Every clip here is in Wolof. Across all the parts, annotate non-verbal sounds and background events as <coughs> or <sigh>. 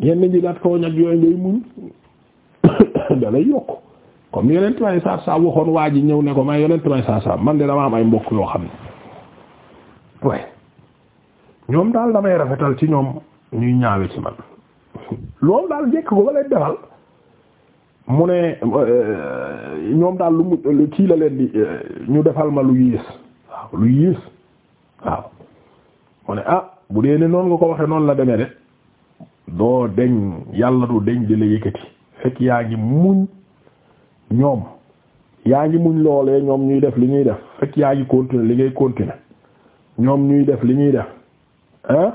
yenn ñi daat koo ñag yooyu ngay muñ <coughs> dalay yokk comme yonent may saar saar waxoon waa ji ñëw ne ko may yeneen may saar saar man de dama am ay mbokk yoo xam ne waaye ñoom daal damay rafetal ci ñoom ñuy ñaawe ci man <coughs> loolu daal jekk ko ba leen defal mu ne euh, ñoom daal lu mu kii la leen di euh, ñu defal ma lu yées waaw lu yées waaw mu ne ah bu dee ne noonu nga ko waxee noonu la demee de doo deñ yàlla du deñ di la yëkkati fekk yaa ngi muñ ñoom yaa ngi muñ loolee ñoom ñuy def li ñuy def fekk yaa ngi continuer li ngay continuer ñoom ñuy def li ñuy def ah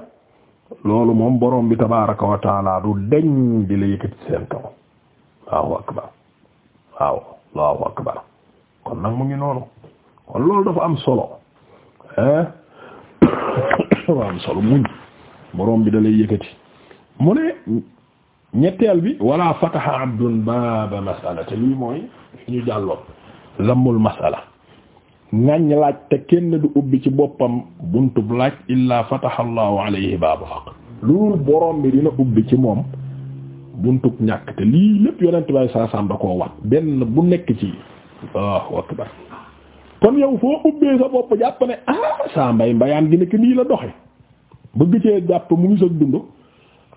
loolu moom borom bi tabaaraka wa du deñ di la yëkkati seen kaw waaw akbar waaw allahu akbar kon nag mu ngi noonu kon loolu dafa am solo ah <coughs> dafa am solo muñ borom bi da lay yëkkati mu ne ñetteel bi wala fataha abdun baaba masala te lii mooy ñu jàlloon lammul masala ngañ laaj te kenn du ubbi ci boppam buntub laaj illaa fataha allahu alayhi baaba faq loolu borom bi dina ubbi ci moom buntub ñàkk te lii lépp yonent bay saasaam da koo wat benn bu nekk ci allahu akbar kon yow foo ubbee sa bopp jàpp ne ah saa mbay mbayaan gi nekk nii la doxe bëgg cee jàpp mu ngi sa dund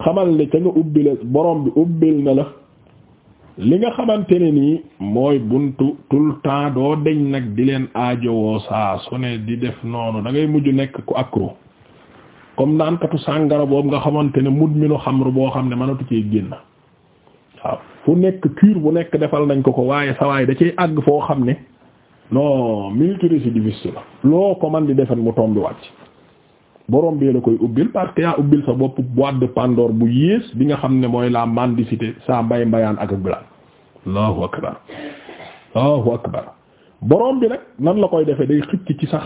xamal ne ca nga ubbile borom bi ubbil na la li nga xamante ne nii mooy buntu tout le temps doo deñ nag di leen aajowoo saa su ne di def noonu da ngay mujj nekk ku accro comme naankatu sàngara boobu nga xamante ne mud mi nu xamru boo xam ne mënatu cee génn waaw fu nekk cure bu nekk defal nañ ko ko waaye sa waay da cay àgg foo xam ne non multirécidiviste la loo ko man di defan mu tombi wàcc boroom bee la koy ubbil parce que yaa ubbil sa bopp boîte de bu yées bi nga xam ne mooy la mendicité saa mbay mbayaan ak glan allahu akbar allahu akbar borom bi nag nan la koy defee day ci sax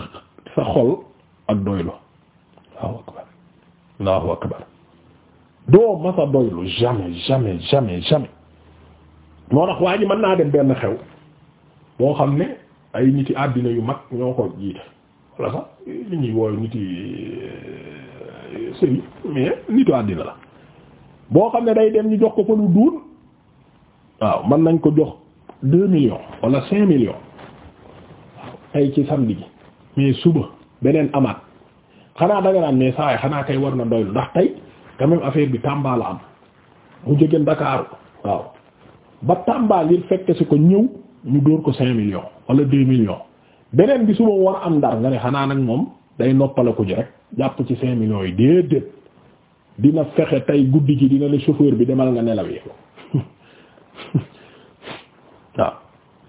sa ak doylu allahu akbar allahu akbar doo masa doylu jamais jamais jamais jamais moo tax waa ji mën naa dem benn xew boo xam ne ay niti àddina yu mag ñoo ko jiite wala sax li ñuy wooyu nit yi euh, sëriñ mais nitu àddina la boo xam ne day dem ñu jox ko fa lu duun waaw mën nañ ko jox deux millions wala cinq millions waaw tey ci samedi gi mais suba beneen amaat xanaa danga naan mais saa yi xanaa kay war na doylu ndax tey quand même affaire bi Tamba la am mu jóge Dakar waaw ba Tamba ngir fekk si ko ñëw ñu dóor ko cinq millions wala deux millions beneen bi su ma war am ndar nga ne xanaa nag moom day noppaleku ji rek jàpp ci cinq millions yi déedéet dina fexe tey guddi gi dina ne chauffeur bi demal nga nelaw yi <laughs> waaw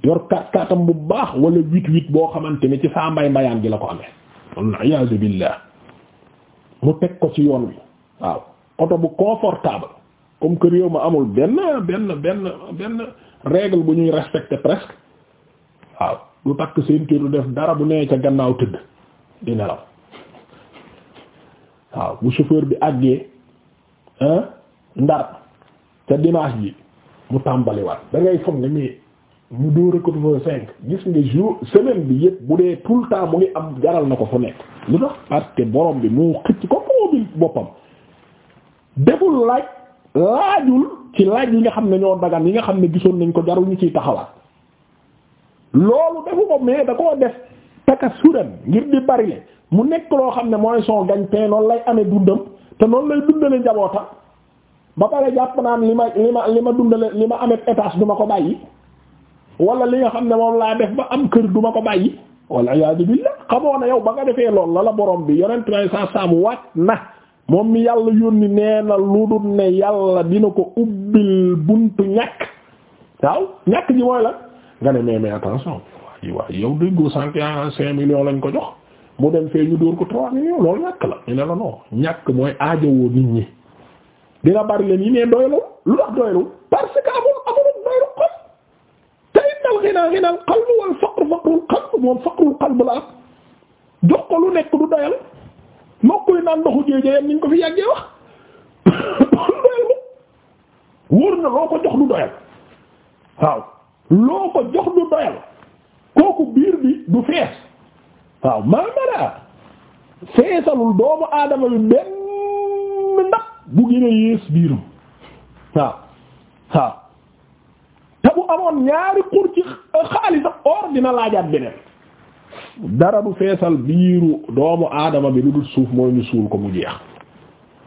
yor kat katam bu baax wala huit huit boo xamante ne ci saa mbay mbayaan gi la ko amee wal iyaazu billah mu teg ko ci yoon wi waaw oto bu confortable comme que réew ma amul benn benn benn benn règle bu ñuy respecter presque waaw du takk ceinture du def dara bu nee ca gannaaw tëdd di nelaw waaw bu chauffeur bi àggee ndar ca dimanche ji mu tàmbali da dangay foog ne mais ñu dóor a cinq gis nga jour semaine bi yëpp bu dee tout le temps mu ngi am jaral na ko fa nekk lu tax parce que borom bi mu xëcc ko moobil boppam deful laaj laajul ci laaj yi nga xam ne ñoo dagan yi nga xam ne gisoon nañ ko jaruñu ciy taxawaat loolu defu ko mais da koo def takasuran ngir di bari mu nekk loo xam ne mooy son gagne-pain noonu lay amee dundam te noonu lay dundale njabootam ba pare jàpp naan li ma li ma li ma dundale li ma amee étage du ma ko bàyyi wala li nga xam ne moom laa def ba am kër du ma ko bàyyi wala iyaadu billah xamoo ne yow ba nga defee lool la la borom bi yonent may saa saam waat na moom mi yàlla yónni nee na lu dul ne yàlla dina ko ubbil buntu ñàkk waaw ñàkk ji mooy nga ne mais attention yow déggoo sànq yaa lañ ko jox mu dem fee ñu dóor ko trois millions loolu ñàkk la ñu la non ñàkk mooy aajowoo nit ñi dina bari yi ne doylu lu tax doylu parce que amul amul doylu ko lu nekk du doyal mokkuy naan ndoxu jéejëyam niñ ko fi yàggee wax <coughs> doyal na loo ko jox du doyal waaw loo ko jox du doyal kooku biir bi du fees waaw maamara feesalul doomu aadama bi benn ndax bu gën a yées biiram waaw waaw te bu amoon ñaari xur ci xaalis ak dina laajaat beneen dara du feesal biiru doomu aadama bi lu dul suuf mooy ñu suul ko mu jeex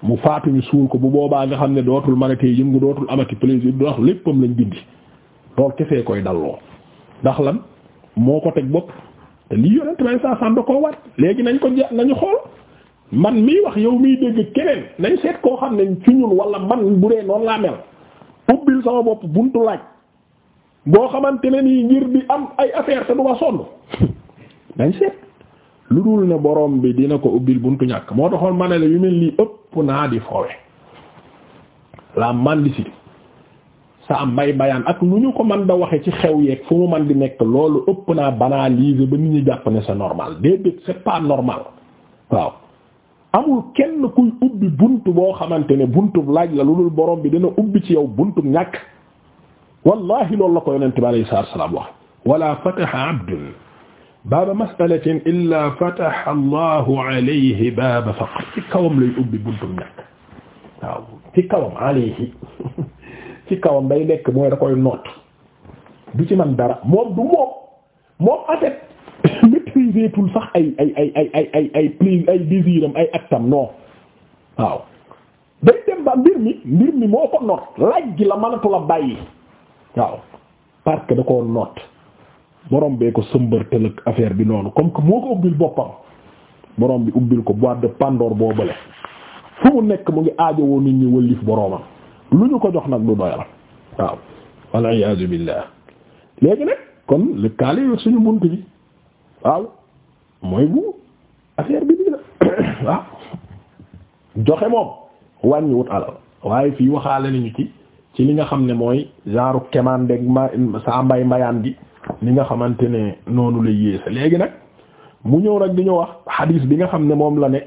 mu faatu ñu suul ko bu boobaa nga xam ne dootul mën a tey dootul amati plaisir du wax léppam lañ dindi loolu kefee koy dalloo ndax lan moo ko teg bopp te lii yonent bay saasaan da koo waat léegi nañ ko ja nañu xool man mii wax yow miy dégg keneen nañ seet koo xam ne ci ñun wala man bu dee noonu laa mel bopp buntu laaj boo xamante nii ngir di am ay affaire te du ma sonn <laughs> nañ seet lu dul ne borom bi dina ko ubbil buntu ñàkk moo taxoon ma ne la yu mel nii ëpp naa di foowe la mendicité am may mbayaan ak lu ñu ko man da waxe ci xew yeeg fu mu man di nekk loolu ëpp naa banaliser ba nit ñi jàpp ne c'est normal déedéet c'est pas normal waaw amul kenn kuy ubbi buntu boo xamante ne buntu laaj la lu dul boroom bi dana ubbi ci yow buntu ñàkk wallahi loolu la ko yonent bi alayhi salaatu wa salaam wax wala fataha abdun baaba masalatin illa fataha allahu alayhi baaba faqr ci kawam lay ubbi buntu ñàkk waaw ci kawam alayhi <laughs> ci kawam day nekk mooy da koy noot du ci man dara moom du moom moom en fait <coughs> sax ay ay ay ay ay ay ay plaisir ay désiram ay actam non waaw day dem ba mbir mi mbir mi moo ko noot laaj gi la mënatu bàyyi waaw parce da koo noot borom bee ko sëmbërtël ak affaire bi noonu comme que moo ko ubbil boppam borom bi ubbil ko boîte de Pandore boo bële fu mu nekk mu ngi aajowoo nit ñi wëllif boromam lu ñu ko jox nag du doyal waaw wal iyaazu billah léegi nag kon lëkkaale yi suñu bunt bi waaw mooy bu affaire bi di <coughs> joxe moom wàññiwut alal waaye fii waxaale nañu ci ci li nga xam ne mooy genre kemaan deg saa mbay mbayaan gi li nga xamante ne noonu la yéese léegi nag mu ñëw nag di ñu wax xadiis bi nga xam ne moom la ne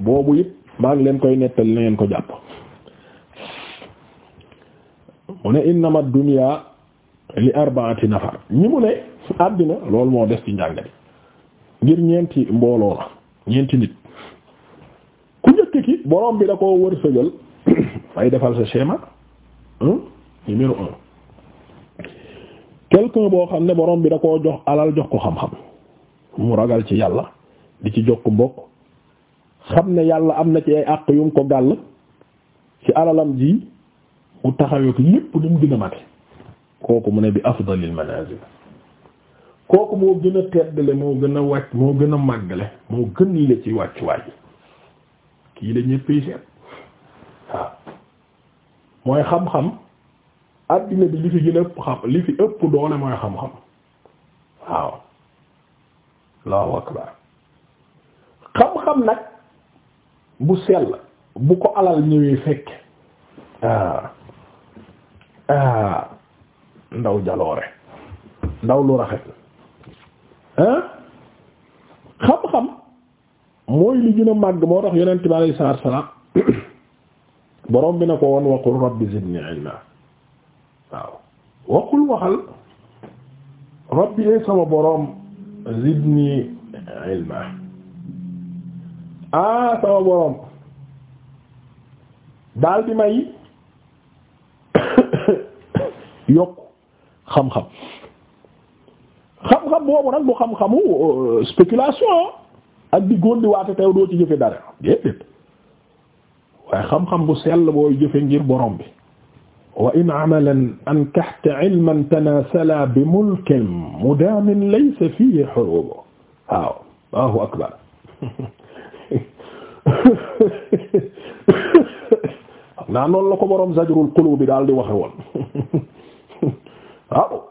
boobu it maa ngi leen koy nettal na leen ko jàpp mu ne innama dunya li arbaati nafar ñi mu ne àddina loolu moo des ci njàng ngir ñeenti mbooloo la ñeenti nit ku njëkk ki borom bi da koo wër sëgal <coughs> fay defal sa schéma un numéro boo xam ne boroom bi da koo jox alal jox ko xam-xam mu ragal ci yàlla di ci jokk bokk xam ne yàlla am na ci ay àq yum ko gàll ci alalam ji bu taxawee ko lépp ni mu gën a mate kooku mu ne bi afdalil manazil kooku moo gën a teddale moo gën a wàcc moo gën a màggale moo gën la ci wàccuwaay kii la ñëpp yi waaw mooy xam-xam àddina bi li fi gën a ëpp xam li fi ëpp doole mooy xam-xam waaw Allahu akbar xam-xam nag bu sell bu ko alal ñëwee fekk Ah, ndaw jaloore ndaw lu rafet ah xam-xam mooy li gën a màgg moo tax yonent bi alayhi salaatu wa <coughs> bi na ko woon waqul rabbi zidni waaw waqul waxal rabbi eh, sama borom zidni ilma ah sama borom daal di may. yokk xam-xam xam-xam boobu nag bu xam-xamu euh, spéculation ak di góor di waate teew doo ci jëfe dara déedéet waaye xam-xam bu sell booy jëfe ngir borom bi wa in amalan ankahta ilman tanasala bi mulkin mudaamin laysa fihi hurub waaw Allahu akbar <laughs> naa noonu la ko borom zajrul qulubi daal di waxe woon <laughs> waaw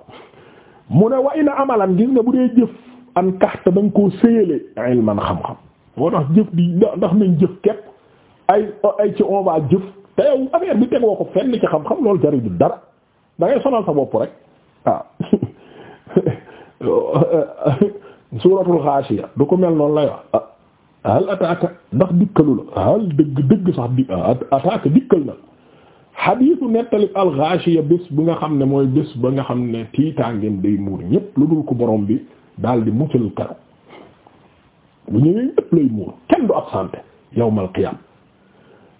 mu ne wa amalan gis nga bu dee jëf an kaxta da nga koo séyale ilman xam-xam moo tax jëf di ndax nañ jëf képp ay ay ci on va jëf te yow affaire bi tegoo ko fenn ci xam-xam loolu jariñu dara da ngay sonal sa bopp rek waaw <laughs> suuratul xaasiya du ko mel noonu lay wax ah, hal ataaka ndax dikkalu la hal dëgg dëgg sax di ah, ataaka dikkal na xadiisu nettali alxaasiya bés bu nga xam ne mooy bés ba nga xam ne tiitaangeem day muur ñëpp lu dul ko borom bi daldi di muccal karo bu ñëwee ñëpp lay muur kenn du absenté yawmal qiyaam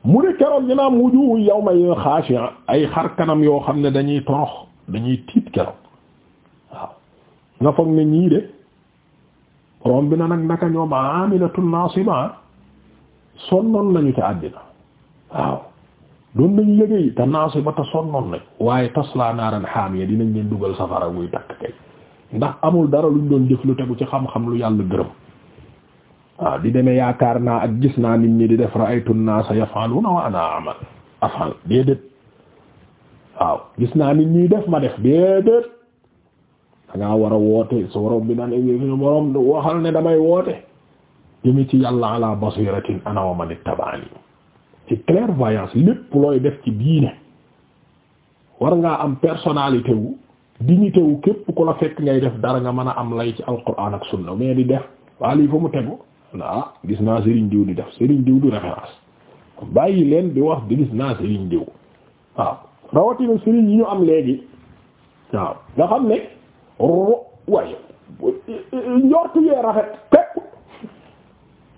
mu ne keroog ñu naan wujuhu yawma yi xaasiya ay xar kanam yoo xam ne dañuy torox dañuy tiit keroog waaw nga foog ne ñii de borom bi na nag naka ñoom amilatun naasiba sonnoon nañu ca àddina waaw. doon nañu liggéey te naasu ba te sonnoon nañ waaye taslaa naaran haamiya dinañ leen dugal safara wuy takk kay ndax amul dara luñ doon jëf lu tegu ci xam-xam lu yàlla gërëm waaw di demee yaakaar naa ak gis naa nit ñi di def ra'aytu naasa yaf'aluuna wa ana a'mal af'al déedéet waaw gis naa nit ñuy def ma def déedéet da ngaa war woote su borom bi naan suñu borom waxal ne damay woote jëme ci yàlla ala basiratin ana wa man ittaba'ani ci clairvoyance lépp looy def ci diine war ngaa am personnalité wu dignité wu képp ku la fekk ngay def dara nga mën a am lay ci alquran ak sunna mais di def waa lii fa mu tegu ah gis naa Serigne Diw di def Serigne Diw du référence bàyyi leen di wax di gis naa Serigne Diw waaw rawatina Serigne yi ñu am léegi waaw nga xam ne waaye njortu yee rafet.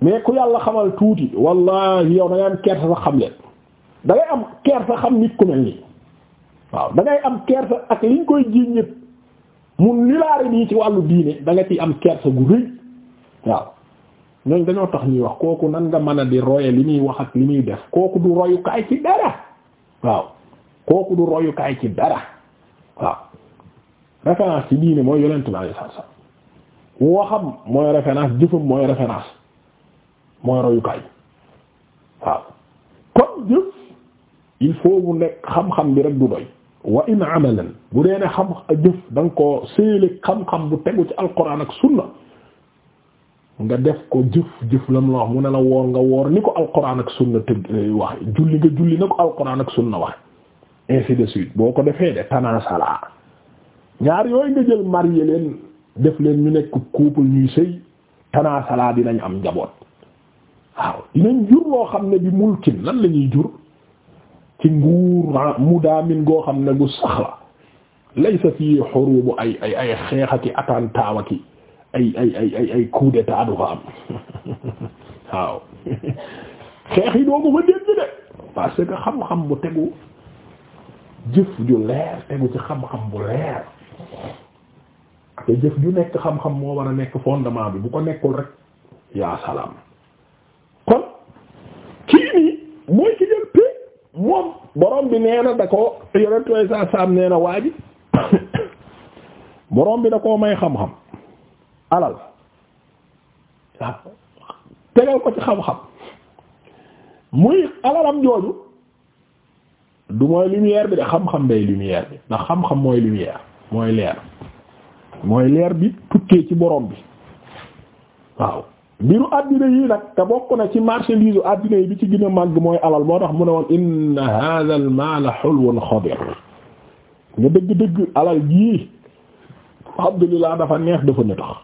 mais ku yàlla xamal tuuti wallahi yow da ngay am kersa sa xam leen da ngay am kersa xam nit ku mel nii waaw da am kersa ak liñ koy jiiñ ñépp mu nilaare nii ci wàllu diine da nga ciy am kersa gu rëy waaw ñooñ dañoo tax ñuy wax kooku nan nga mën a di roye li muy wax ak li muy def kooku du royukaay ci dara waaw kooku du royukaay ci dara waaw référence ci diine mooy yonent bi sallallahu alayhi wasallam waxam mooy référence jëfam mooy référence mooy royukaay waaw kon jëf il faut mu nekk xam-xam bi rek du doy wa in amalan bu dee ne xam jëf danga nga ko séelég xam-xam bu tegu ci alquran ak sunna nga def ko jëf jëf lam la wax mu ne la woor nga woor ni ko alquran ak sunna tëgg eh, wax julli nga julli na ko alquran ak sunna wax ainsi de suite boo ko defee de tanasala ñaar yooyu nga jël marié leen def leen ñu nekk couple ñuy sëy tanasala dinañ am njaboot waaw dinañ jur loo xam ne bi mulkin lan la ñuy jur ci nguur mu goo xam ne gu sax la laysa fii xurubu ay ay ay xeexaki attantaawaki ay ay ay ay ay coup am <laughs> waaw xeex yi doo ko fa dégg de parce que xam-xam bu tegu jëf ju leer tegu ci xam-xam bu leer te jëf ju nekk xam-xam moo war a nekk fondement bi bu ko nekkul rek yaa salaam kon kii nii mooy ki jël pé moom borom bi nee na da ko yonent way sa saam <coughs> bi da koo may xam-xam muy alalam jooju du mooy lumière bi de xam-xam day lumière bi ndax xam-xam mooy lumière mooy leer mooy leer bi tukkee ci borom bi waaw mbiru addina yi nag te bokk na ci marchandise u addina yi bi ci gën a màgg mooy alal moo tax mu ne woon inna hadha al maala xulwun xadir nga dëgg-dëgg alal jii alhamdulillah dafa neex dafa ne tax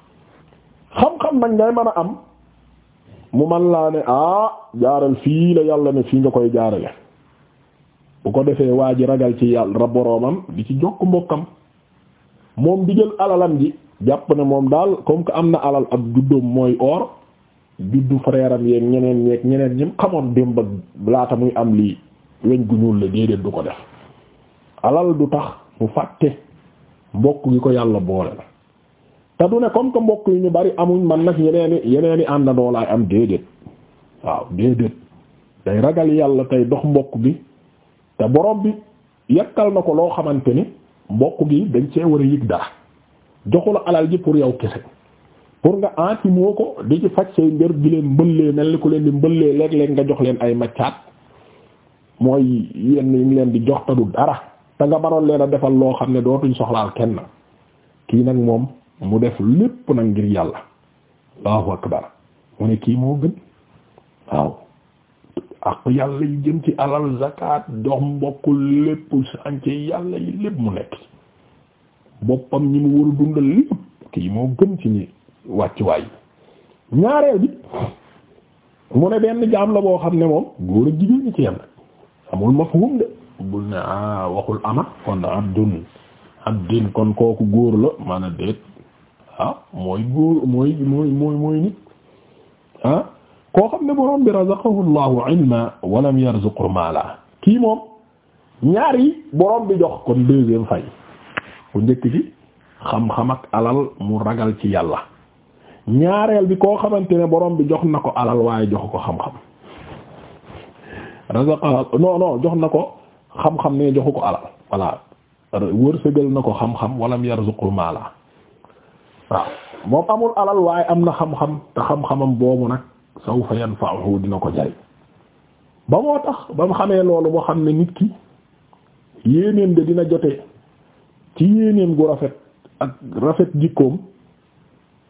xam-xam nag ngay mën a am mu man laa ne ah jaaral fii la yàlla ne fii nga koy jaarale bu ko defee waa ji ragal ci yàlla rab boroomam di ci jokk mbokkam moom di jël alalam ji jàpp ne moom daal comme que am na alal ab juddoom mooy or juddu frère am ñeneen ñeeg ñeneen ñi mu xamoon démb ak laata am lii weñ gu ñuul la déedéet du ko def alal du tax mu fàtte mbokk gi ko yàlla boole la te du ne comme que mbokk yi ñu bari amuñ man nag yeneen i yeneen i àndandoo laay am déedéet waaw déedéet day ragal yàlla tey dox mbokk bi te borom bi yàkkal na ko loo xamante ni mbokk gi dañ cee war a yëg dara joxu la alal ji pour yow kese. pour nga entimoo ko di ci faj say mbir gi leen mbëllee mel ni ku leen di mbëllee léeg-léeg nga jox leen ay maccaat mooy yenn yi leen di jox dara te nga baroon leen a defal loo xam ne dootuñ soxlaal kenn kii nag moom mu def lépp nag ngir yàlla allahu akbar mu ne kii moo gën waaw ak yàlla yi jëm ci alal zakat dox mbokk lépp sànce yàlla yi lépp mu nekk boppam ñi mu war a dundal lépp kii moo gën ci nii wàccuwaay ñaareel bi mu ne benn jaam la boo xam ne moom góor ak jigéen ñi ci yem amul mafhum de bul ne ah waxul ama kon abdun abdin kon kooku góor la maana déet ah mooy góor mooy mooy mooy nit ah, koo xam ne borom bi razaqahu llahu ilma walam yarzuqhu maala kii moom ñaar yi borom bi jox kon deuxième fay bu njëkk ci xam-xam ak alal mu ragal ci yàlla ñaareel bi koo xamante ne borom bi jox na ko alal waaye joxu ko xam-xam razaqa non non jox na ko xam-xam ne joxu ko alal voilà wërsëgal na ko xam-xam walam yarzuqu maala waaw moom amul alal waaye am na xam-xam te xam-xamam boobu nag sawfa yanfa'uhu dina ko jariñ ba moo tax ba mu xamee loolu boo xam ne nit ki yéenéem de dina jote ci yéenéem gu rafet ak rafet jikkoom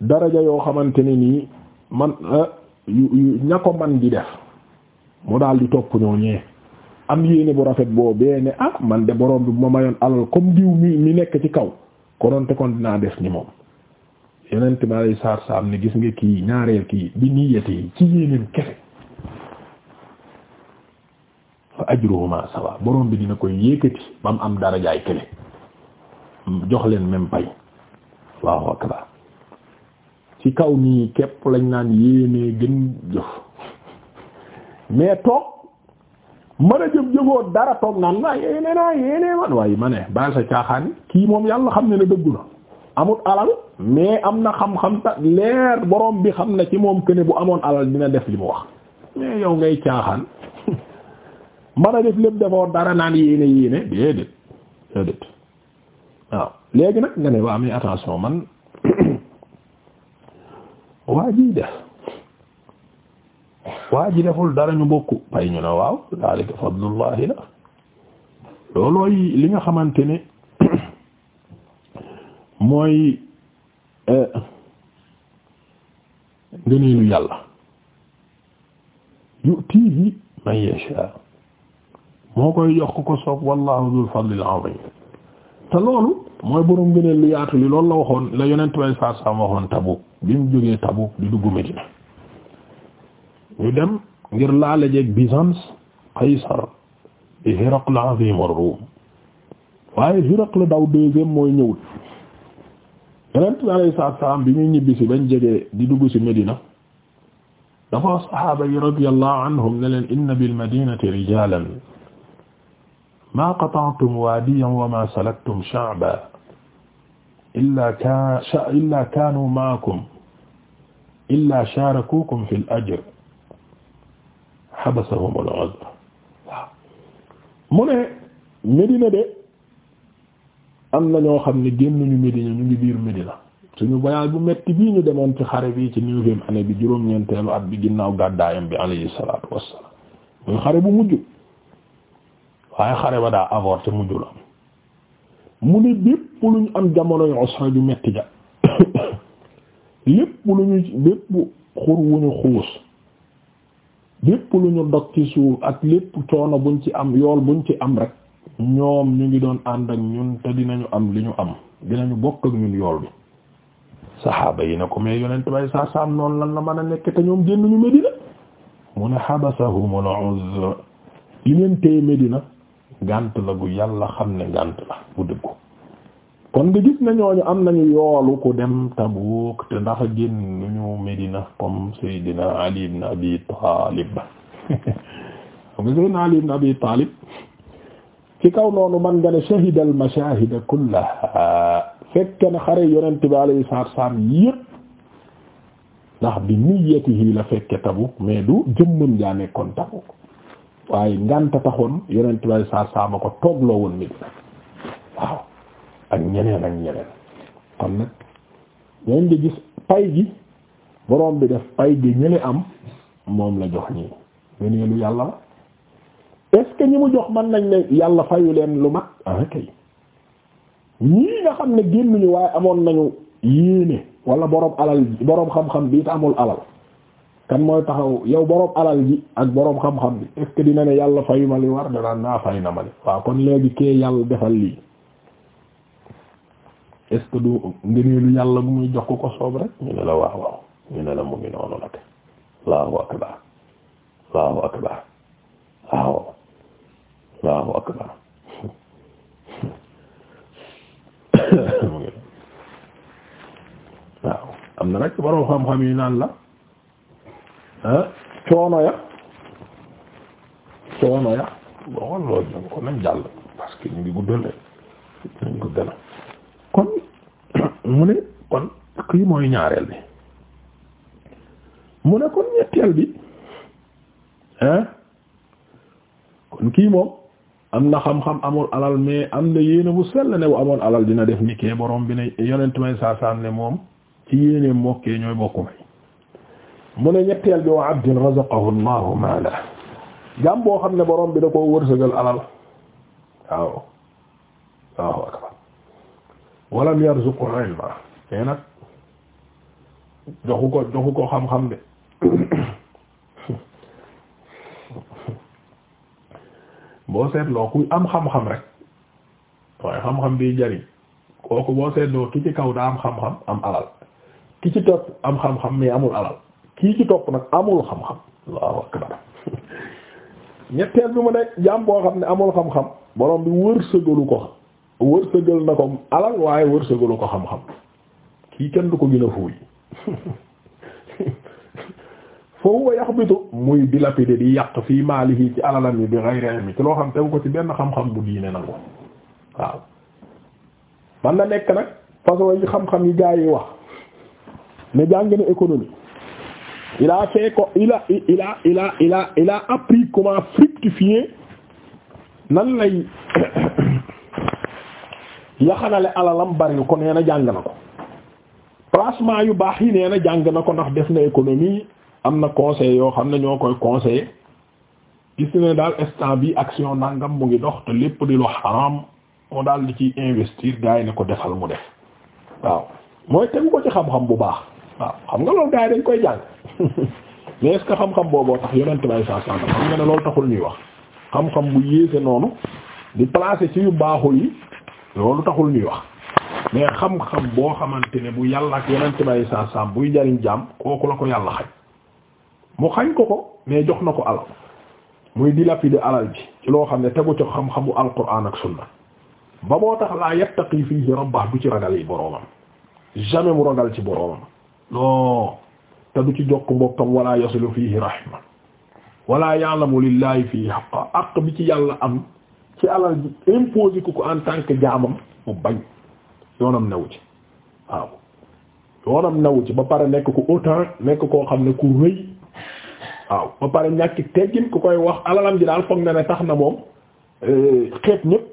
daraja yoo xamante ne nii man ah, yu ña ko man di def mu daal di topp ñoo ñee am yéene bu rafet boo bee ne ah man de borom bi bu ma mayoon alal comme diw mi mi nekk ci kaw kononte kon dinaa def ni moom yeneen ma lay saar saam ne gis nga kii ñaareel kii bi niyyati yi ci yéeneen kese fa ajruhuma sawa borom bi dina koy yékkati ba mu am darajaay kële jox leen même pay waaw akbar ci kaw nii kepp lañ naan yéenee gën jëf mais toog mën a jëf jëfoo dara toog naan naa yéene naa yéene man waaye ma ne baal sa caaxaan kii moom yàlla xam ne ne dëggu na amut alal mais am na xam-xam ta leer borom bi xam na ci moom que bu amoon alal dina def li mu wax mais yow ngay caaxaan <laughs> mën a def lépp defoo dara naan yéene yéene déedéet déedéet waaw léegi nag nga ne waa mais attention man <clears throat> waa ji def waa deful dara ñu bokk bay ñu ne waaw la loolooy li nga xamante ne <coughs> mooy eh, ngëneelu yàlla yutihi man yasha moo koy jox ko soob wallahu dul fadlil azim te loolu mooy borom gëneel lu yaatu li loolu la waxoon la yonent way saa saa waxoon Tabuk bi mu jógee Tabuk di dugg Medina ñu dem ngir laale jeeg Byzance Qaysar di Hiraql azim ar-Rum waaye Hiraql daw deuxième mooy ñëwut yonent way bi muy ñibbi si bañ jege di dugg ci Medina dafa saxaaba yi radiyallahu anhum ne leen inna bil madinati rijalan ma qata'tum waadiyan wa ma salaktum sha'ban illa ka illa kaanu ma'akum illa shaarakuukum fil ajr habasahumul uzr waaw mu ne Medina de am na ñoo xam ne génnuñu Medina ñu ngi biir Medina suñu voyage bu metti bii ñu demoon ci xare bi ci neuvième année bi juróom-ñeenteelu at bi ginnaaw gàddaayam bi alayhi salaatu wassalaam muy xare bu mujj waaye xare ba daa avorté mujj la mu ne bépp lu ñu am jamono yu ju metti ja <coughs> lépp lu ñu bépp xur wu ñu xuus lépp lu ñu dog ci suuf ak lépp coono buñ ci am yool buñ ci am rek ñoom ñu ngi doon ànd ak ñun te dinañu am li ñu am dinañu bokk ak ñun yool bi saxaaba yi ne ko mais yonent bay saa saam lan la mën a nekk te ñoom génn ñu Medina mu ne xabasahumul uzr li leen téye Medina ngànt la gu yàlla xam ne ngànt la bu dëggu kon nga gis na ñooñu am nañu yoolu ku dem Tabuuk te ndax génn nu ñu Medina comme Seydina Ali ibn Abi Taalib <laughs> xam nga Seydina Ali ibn Abi Taalib ci kaw noonu man nga ne shahida al mashahida kullaha fekk na xare yonent bi alayhi salaatu salaam yépp ndax bi niyyatihi la fekke Tabuuk mais du jëmmam jaa nekkoon Tabuuk waaye ngànta taxoon yonent bay saa saama ko toogloo woon nit waaw ak ñeneen ak ñeneen kon nag ñooñ di gis pay gi borom bi def pay gi ñële am moom la jox ñii ngëneelu yàlla la est ñi mu jox man nañ ne yàlla fayu leen lu mat ah kay ñii nga xam ne génnuñu waaye amoon nañu yéene wala borom alal boroom xam-xam bi it amul alal kan mooy taxaw yow boroom alal ji ak boroom xam-xam bi est ce dina ne yàlla fayu ma war danaan fay na ma li kon léegi kee yàlla defal lii est ce que du ngëneelu yàlla bu muy jox ko ko soob rek ñu ne la waaw ñu ne la mu ngi noonu nag allahu akbar allahu akbar waaw allahu akbar <coughs> waaw am na nag boroom xam-xam yi naan la coono ya coono ya bon loolu ñoom kon nañ jàll parce que ñu ngi guddale nañ kon <coughs> mu ne kon kii mooy ñaareel bi mu ne kon ñetteel bi hein kon kii moom am na xam-xam amul alal mais am na yéene bu sell ne bu amoon alal dina def ni kee borom bi ne yonent may saasaam ne moom ci yéene mokkee ñooy bokk may mu ne ñetteel bi wa abdin razaqahu allahu maala jaam boo xam ne borom bi da koo wërsëgal alal waaw waaw akbar walam yarzuqhu ilma mais nag joxu ko joxu ko xam-xam de boo seetloo kuy am xam-xam rek waaye xam-xam bi jariñ kooku boo seetloo ki ci kaw daa am xam-xam am alal ki ci topp am xam-xam mais amul alal kii ci topp nag amul xam-xam allahu akbar ñetteel bi mu ne jaam boo xam ne amul xam-xam borom bi wërsëgalu ko wërsëgal na ko alal waaye wërsëgalu ko xam-xam kii kenn du ko gën a fuuy fa huwa yaxbitu muy dilapider di yàq fii maalihi ci alalam yi bi ghayri ilmi ci loo xam tegu ko ci benn xam-xam bu diine nangu waaw man na nekk nag façon yi xam-xam yi gaa yi wax ne jàng na économie il a fait ko il a comment fructifier nan lay <coughs> yaxanale alalam bari ko nee na jàng na ko placement yu baax yi nee na jàng na ko ndax def na économie am na conseil yoo xam ne ñoo koy conseiller gis ne daal instant bi action nangam mu ngi dox te lépp di lu xaram moo daal di ci investir gars yi ne ko defal mu def waaw mooy tegu ko ci xam-xam bu baax waaw xam nga loolu gars dañ koy jàng <laughs> mais est-ce que xam-xam booboo tax yonent bay saa saa xam nga ne loolu taxul ñuy wax xam-xam bu yéese noonu di placer ci yu baaxul yi loolu taxul ñuy wax mais xam-xam boo xamante ne bu yàlla ak yonent bay saa saa buy jariñ jaam kooku la ko yàlla xañ mu xañ ko ko mais jox na ko alal muy dilapider alal ji ci loo xam ne tegu ci xam-xamu alquran ak sunna ba moo tax laa yattaqi fiihi baax du ci ragal yi boroomam jamais mu ragal ci boroomam. non te du ci jokk mbokkam wala yasilu fiihi rahima wala ya'lamu lillahi fiihi haqqa aq bi ci yàlla am ci alal ji imposé ko ko en tant que jaamam mu bañ yoonam newu ci waaw yoonam newu ci ba pare nekk ko autant nekk koo xam ne ku rëy waaw ba pare ñàkki teggin ku koy wax alalam ji daal foog na ne tax na moom eh, xeet ñépp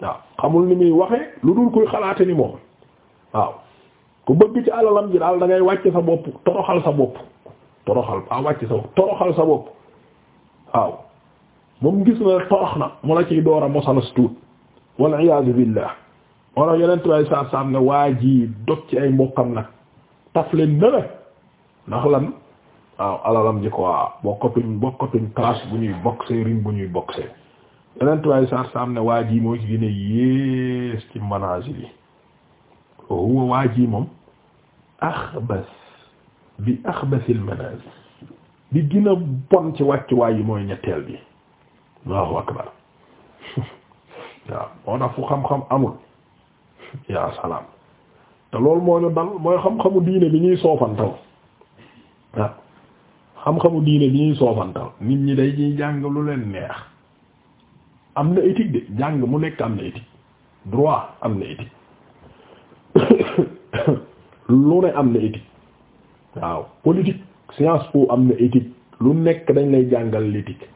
waaw xamul ni muy waxe lu dul koy xalaate ni moom waaw ku bëgg ci alalam ji daal da ngay wàcc sa bopp toroxal sa bopp toroxal ah wàcc sa bopp toroxal sa bopp waaw moom gis na torox na mu la ciy door a mosalas tuut wal iyaazu billah wala yeneen tubaab yi saa ne waa ji dog ci ay mbokkam nag taf leen ne ndax lan waaw alalam ji quoi bokkatuñ bokkatuñ classe bu ñuy boxer ring bu ñuy boxer yeneen tubaab yi saa ne waa ji moo ci gën a yées ci ménage yi. huwa waa ji moom axbas bi axbasil manaz bi gën a ci wàccuwaay yi mooy ñetteel bi Allahu akbar <laughs> waaw moo tax fu xam-xam amul <laughs> yaa salaam te loolu moo ñu dal mooy xam-xamu diine bi ñuy soofantal waaw xam-xamu diine bi ñuy soofantal nit ñi day ñuy jàng lu leen neex am na éthique de jàng mu nekk am na éthique droit am na éthique <coughs> lu ne am na éthique waaw politique science po am na éthique lu nekk dañ lay jàngal l'éthique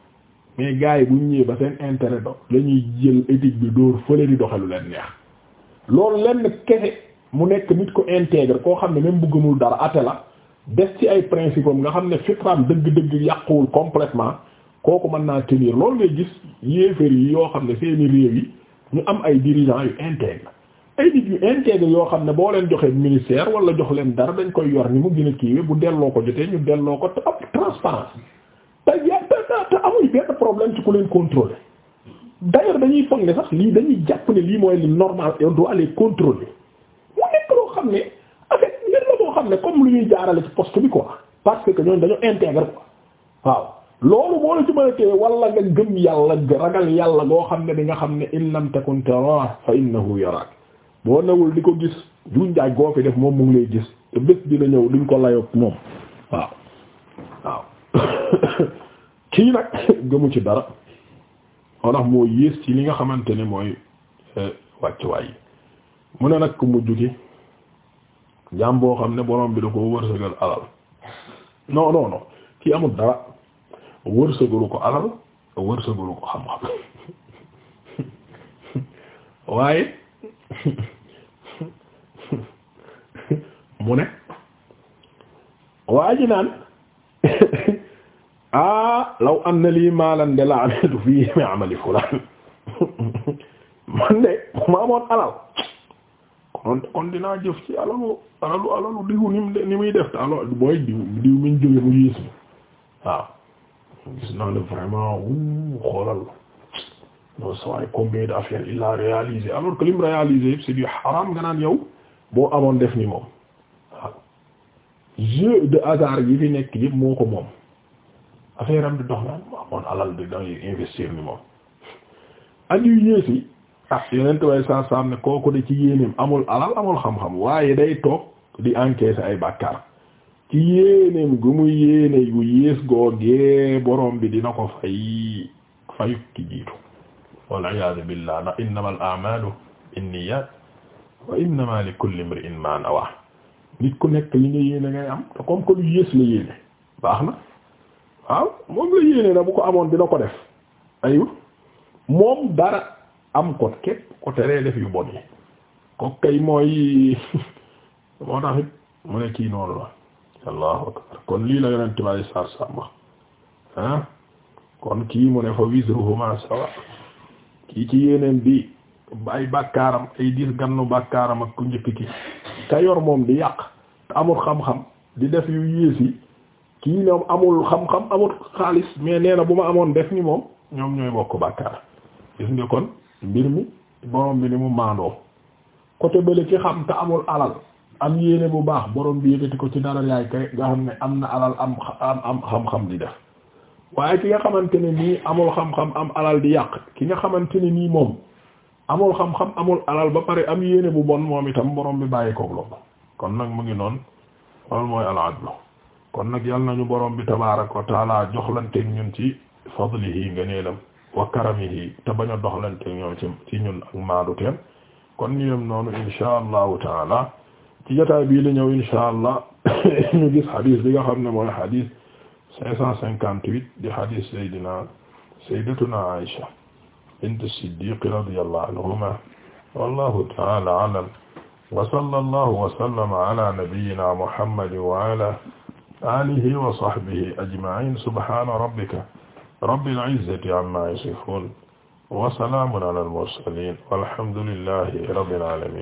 mais gars yi bu ñu ñëwee ba seen intérêt do la ñuy jël éthique bi dóor fële di doxalu leen neex loolu lenn kese mu nekk nit ko intègre koo xam ne même bu gëmul dara ate la des ci ay principe am nga xam ne fitraam dëgg-dëgg yàquwul complètement kooku mën naa tenir loolu ngay gis yéeféer yi yoo xam ne seeni réew yi ñu am ay dirigeants yu intègre ay nit yu intègre yoo xam ne boo leen joxee ministère wala jox leen dara dañ koy yor ni mu gën a kiiwee bu delloo ko jotee ñu delloo ko te am transparence te te te amuñ benn problème ci ku leen contrôler d'ailleurs dañuy foog ne sax lii dañuy jàpp ne lii mooy li normal et on doit les mu nekk loo xam ne en fait mbir la boo xam ne comme lu ñuy jaarale ci poste bi quoi parce que ñooñu dañoo intègre quoi waaw loolu moo la ci mën a téye nga gëm yàlla ragal yàlla goo xam ne di nga xam ne in lam takun tara fa boo nawul di ko gis juñ jaaj goo fi def moom mu ngi lay gis te bés dina ñëw duñ ko layoog moom waaw waaw <coughs> kii nag <coughs> gëmu ci dara wanax moo yées ci li nga xamante ne mooy eh, wàccuwaay nag ku mujj gi boo xam ne borom bi da ko wërsëgal alal non kii amul dara wërsëgalu ko alal wërsëgalu ko xam-xam <laughs> waaye <laughs> mu ne waa naan <laughs> ah law am na lii maalan de la ametu fii mi amali fulaan <laughs> man de ma alal kon kon dinaa jëf ci alalu alalu alalu diwu ni muy def te diw diw mi mu yées mi waaw gis naa ne vraiment wuu xoolal non ça va combien d'affaires il a réalisé alors que lim réalisé yëpp c'est du haram nga naan yow boo amoon def ni moom waaw ah. jeu de hasard yi fi nekk yëpp moo ko moom affaire am di dox naan mu amoon alal di dangay investir ni moom ak yu yées yi ah yeneen way saa saa ne kooku de ci yéeneem amul alal amul xam-xam waaye day toog di encaisser ay bàkkaar ci yéeneem gu mu yéene yu yées googee borom bi dina ko fay fay ki jiitu waliyaadu billah ndax innama al amalu binniyat wa innama li kulli ma nawa ku nekk li nga yéene ngay am te comme que lu yées la yéene baax na waaw moom la yéene na bu ko amoon dina ko def aywa moom dara am ko képp ko teree def yu bon yi ko kay mooy <laughs> moo tax mu ne kii noonu la allahu akbar kon lii la yonent bi sallallahu alayhi wasallam kon kii mu ne fa wizruhuma sawa kii ci yéeneen bi ay bàkkaaram ay diis gannu bàkkaaram ak ku njëkk ki ka yor moom di yàq te amul xam-xam di def yu yées yi kii ñoom amul xam-xam amul xaalis mais nee bu ma amoon def ni moom ñoom ñooy bokk bàkkaar gis nga kon mbir mi borom bi ni mu maandoo côté bële ki xam te amul alal am yéene bu baax borom bi yëkkati ko ci dara yaay kay nga xam ne am na alal am am am xam-xam di def waaye ki nga xamante ne nii amul xam-xam am alal di yàq ki nga xamante ne nii moom amul xam-xam amul alal ba pare am yéene bu bon moom itam boroom bi bàyyi koog loolu kon nag mu ngi noon loolu mooy al-adlu kon nag yal nañu borom bi tabaaraka wa taala joxlanteeg ñun ci fadlihi ngëneelam wa karamihi te bañ a doxlanteeg ñoom ci ci ñun ak maadu teen kon ñu yem noonu insha allahu taala ci jotaay bii li ñëw insha allah <coughs> ñu gis hadith bi nga ne cinq cent cinquante-huit di hadith saydina sayyidatuna Aisha bint Siddiq radiyallahu anhuma wallahu ta'ala a'lam wa sallallahu wa sallama ala nabiyyina Muhammad wa ala alihi wa sahbihi ajma'in subhana rabbika rabbil izzati amma yasifun wa salamun ala al-mursalin walhamdulillahi rabbil alamin